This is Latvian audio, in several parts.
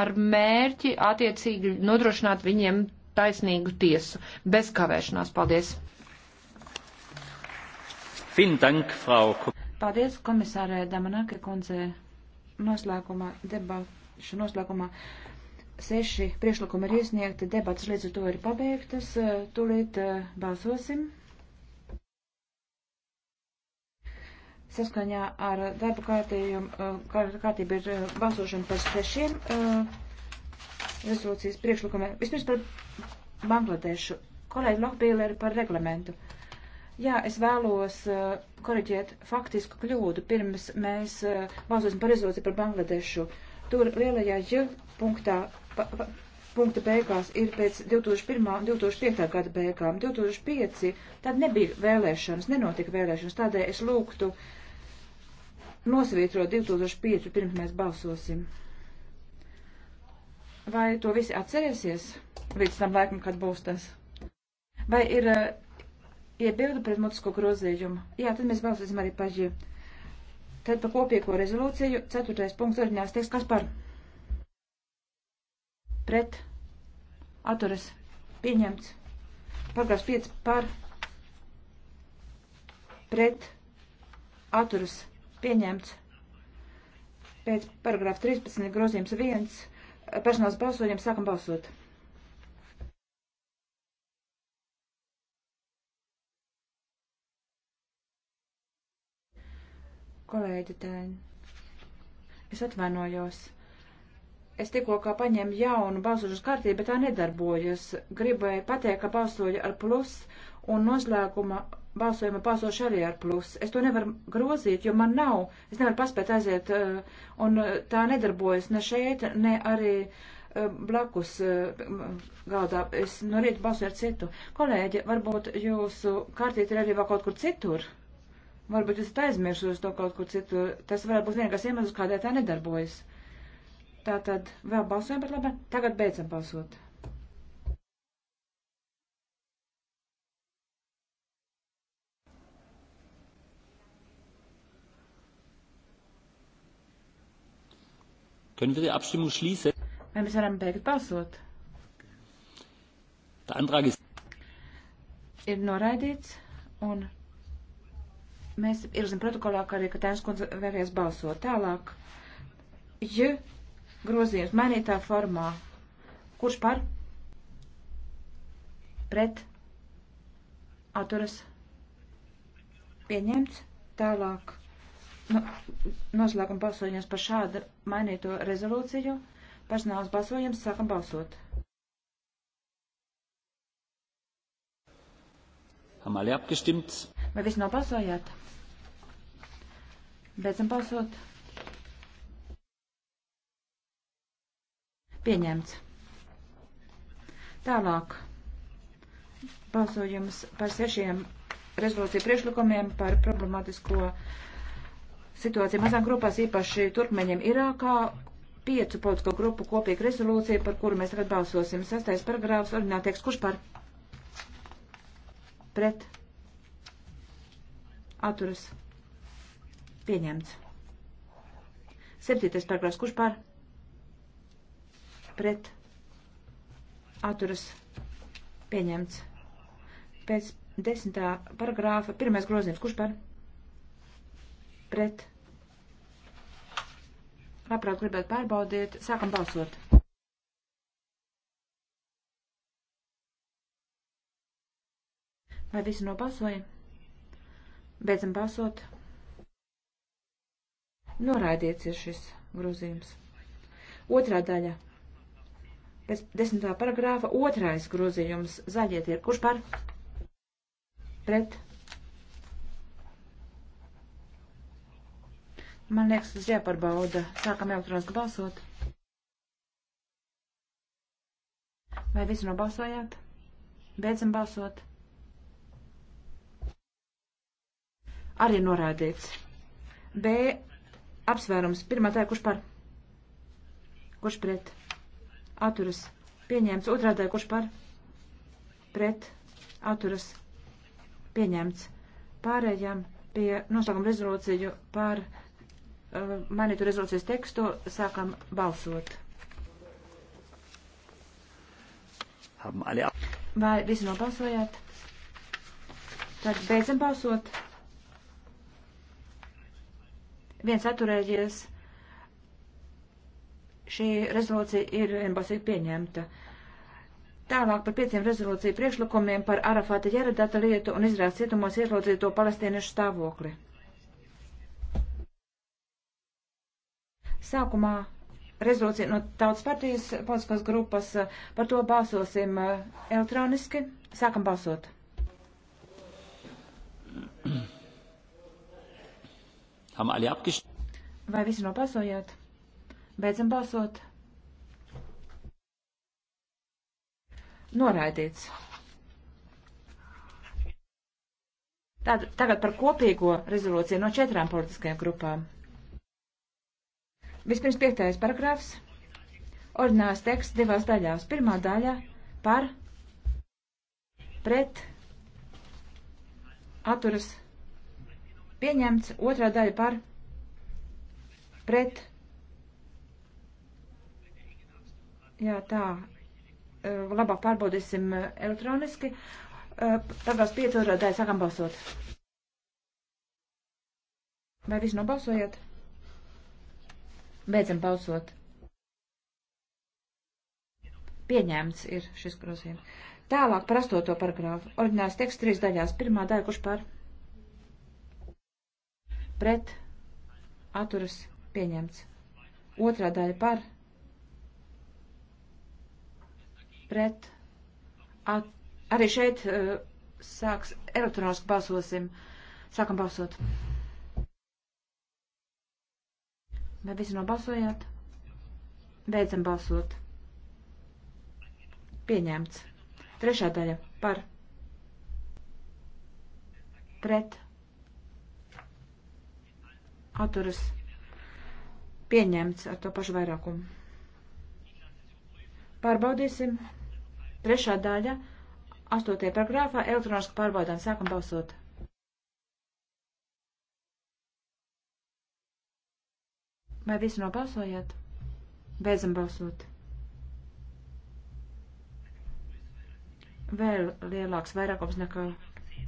ar mērķi attiecīgi nodrošināt viņiem taisnīgu tiesu. Bez kavēšanās. Paldies! Dank, Frau. Paldies komisārē Damanaki kundze. Noslēgumā debašu noslēgumā seši priešlikumi ir iesniegti, debatas līdz ar to ir pabeigtas. Tūlīt eh, balsosim. Saskaņā ar darba kārtību, eh, kārtību ir eh, balsošana par trešiem eh, rezolūcijas priekšlikumiem. Vispirms par Bangladešu. Kolēģi Lohbīle ir par reglamentu. Jā, es vēlos koriģēt faktisku kļūdu. Pirms mēs balsosim par rezolūciju par Bangladešu. Tur lielajā J punktā pa, pa, punkta beigās ir pēc 2001. un 2005. gada beigām. 2005. tad nebija vēlēšanas, nenotika vēlēšanas, tādēļ es lūgtu nosvītro 2005, pirms mēs balsosim. Vai to visi atcerēsies līdz tam laikam, kad būs tas? Vai ir uh, eh, iebildu pret mutisko grozījumu? Jā, tad mēs balsosim arī paži. Tad pa kopīgo rezolūciju, ceturtais punkts, orģināls teiks, kas par pret atturas pieņemts. Paragrāfs 5 par pret atturas pieņemts pieņemts pēc paragrāfa 13 grozījums 1. Personāls balsojums sākam balsot. Kolēģi, tēn. es atvainojos. Es tikko kā paņēmu jaunu balsošanas kārtību, bet tā nedarbojas. Gribēju pateikt, ka balsoju ar plus un noslēguma balsojuma balsošu arī ar plus. Es to nevaru grozīt, jo man nav, es nevaru paspēt aiziet uh, un uh, tā nedarbojas ne šeit, ne arī uh, blakus galdā. Es no rīta balsoju ar citu. Kolēģi, varbūt jūsu kārtība ir arī vēl kaut kur citur? Varbūt jūs esat aizmirsusi to kaut kur citur. Tas varētu būt vienīgais iemesls, kādēļ tā nedarbojas. Tātad vēl balsojam par labu. Tagad beidzam balsot. Können wir die Abstimmung schließen? Vai mēs varam beigt balsot? Der Antrag ist ir noraidīts, un mēs ierosim protokolā, ka arī Katēns kundze vēlēs balsot tālāk. Ja grozījums mainītā formā. Kurš par? Pret. Atturas. Pieņemts. Tālāk. Nu, noslēgam balsojums par šādu mainīto rezolūciju. Personāls balsojums. Sākam balsot. Haben alle abgestimmt? Vai viss nobalsojāt? Beidzam balsot. Pieņemts. Tālāk balsojums par sešiem rezolūciju priekšlikumiem par problemātisko situāciju mazām grupās, īpaši turkmeņiem Irākā, piecu politisko grupu kopīga rezolūcija, par kuru mēs tagad balsosim. Sastais paragrāfs, ordināli tieks, kurš par? Pret. Atturas. Pieņemts. Septītais paragrāfs, kurš par? Pret pret atturas pieņemts. Pēc desmitā paragrāfa pirmais grozījums, kurš par pret labprāt gribētu pārbaudiet, sākam balsot. Vai visi nobalsoja? Beidzam balsot. Noraidiet ir šis grozījums. Otrā daļa Pēc desmitā paragrāfa otrais grozījums zaļiet ir. Kurš par? Pret. Man liekas, tas jāparbauda. Sākam elektroniski balsot. Vai visi nobalsojāt? Beidzam balsot. Arī norādīts. B. Apsvērums. Pirmā tā, kurš par? Kurš pret? atturas pieņemts. Otrā daļa, kurš par pret atturas pieņemts. Pārējām pie noslēguma rezolūciju par uh, mainītu rezolūcijas tekstu. Sākam balsot. Vai visi nobalsojāt? Tad beidzam balsot. Viens atturējies. Šī rezolūcija ir vienbalsīgi pieņemta. Tālāk par pieciem rezolūciju priekšlikumiem par Arafata Jaredata lietu un Izraels cietumos ieslodzīto palestīniešu stāvokli. Sākumā rezolūcija no Tautas partijas politiskās grupas. Par to balsosim eh, elektroniski. Sākam balsot. Vai visi nobalsojāt? Beidzam balsot. Noraidīts. Tad, tagad par kopīgo rezolūciju no četrām politiskajām grupām. Vispirms piektais paragrāfs. Ordināls teksts divās daļās. Pirmā daļa par pret atturas pieņemts, otrā daļa par pret atturas Jā, tā. Labāk pārbaudīsim elektroniski. Tāpēc piecotradēji sākam balsot. Vai visi nobalsojat? Beidzam balsot. Pieņēmts ir šis grozījums. Tālāk par astoto paragrāfu. Ordināls teksts trīs daļās. Pirmā daļa, kurš par pret atturas pieņemts. Otrā daļa par pret. At, arī šeit uh, sāks elektroniski balsosim. Sākam balsot. Vai visi nobalsojāt? Beidzam balsot. Pieņemts. Trešā daļa par pret atturas pieņemts ar to pašu vairākumu. Pārbaudīsim. Trešā daļa, 8. paragrāfā, elektroniski pārbaudām, sākam balsot. Vai visi nobalsojāt? Beidzam balsot. Vēl lielāks vairākums nekā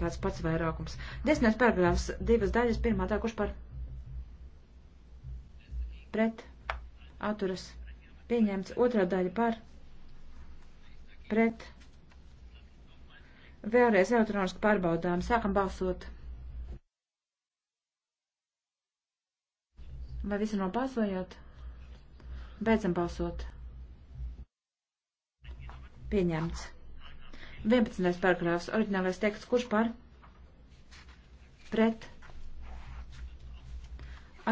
tāds pats vairākums. Desmitais paragrāfs, divas daļas, pirmā tā, kurš par pret atturas pieņemts, otrā daļa par pret pret. Vēlreiz elektroniski pārbaudām. Sākam balsot. Vai visi nobalsojot? Beidzam balsot. Pieņemts. 11. paragrāfs. Oriģinālais teksts. Kurš par? Pret.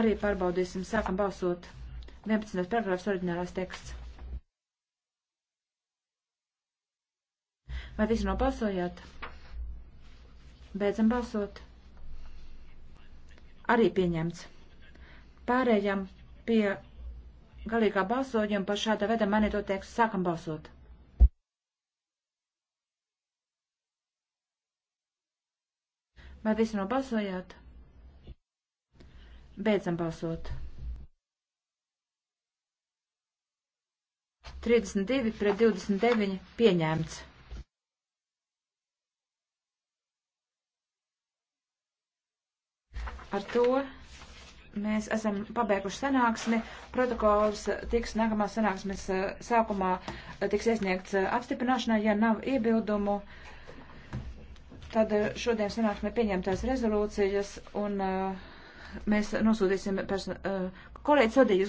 Arī pārbaudīsim. Sākam balsot. 11. paragrāfs. Oriģinālais teksts. Vai visi nobalsojāt? Beidzam balsot. Arī pieņemts. Pārējām pie galīgā balsojuma par šāda veida manīto tekstu. Sākam balsot. Vai visi nobalsojāt? Beidzam balsot. 32 pret 29 pieņēmts. Ar to mēs esam pabeiguši sanāksmi. Protokols tiks nākamās sanāksmes eh, sākumā eh, tiks iesniegts eh, apstiprināšanai, ja nav iebildumu. Tad šodien sanāksmē pieņemtās rezolūcijas un uh, mēs nosūtīsim person... Uh, kolēģis Odīgas